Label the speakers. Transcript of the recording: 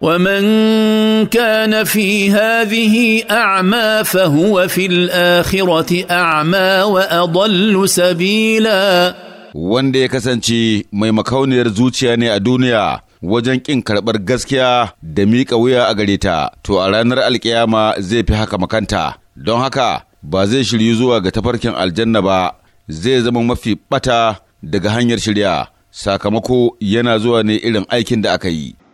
Speaker 1: ومن كان في هذه اعمى فهو في الاخره اعمى واضل سبيلا wanda
Speaker 2: ya kasance mai makauniyar zuciya ne a duniya wajen ƙin karɓar gaskiya da miƙa wuya a gare ta to a ranar alkiyama zai fi haka makanta don haka ba zai shiryu zuwa ga tafarkin aljanna ba zai zama mafi ɓata daga hanyar shirya sakamako yana zuwa ne irin aikin da aka yi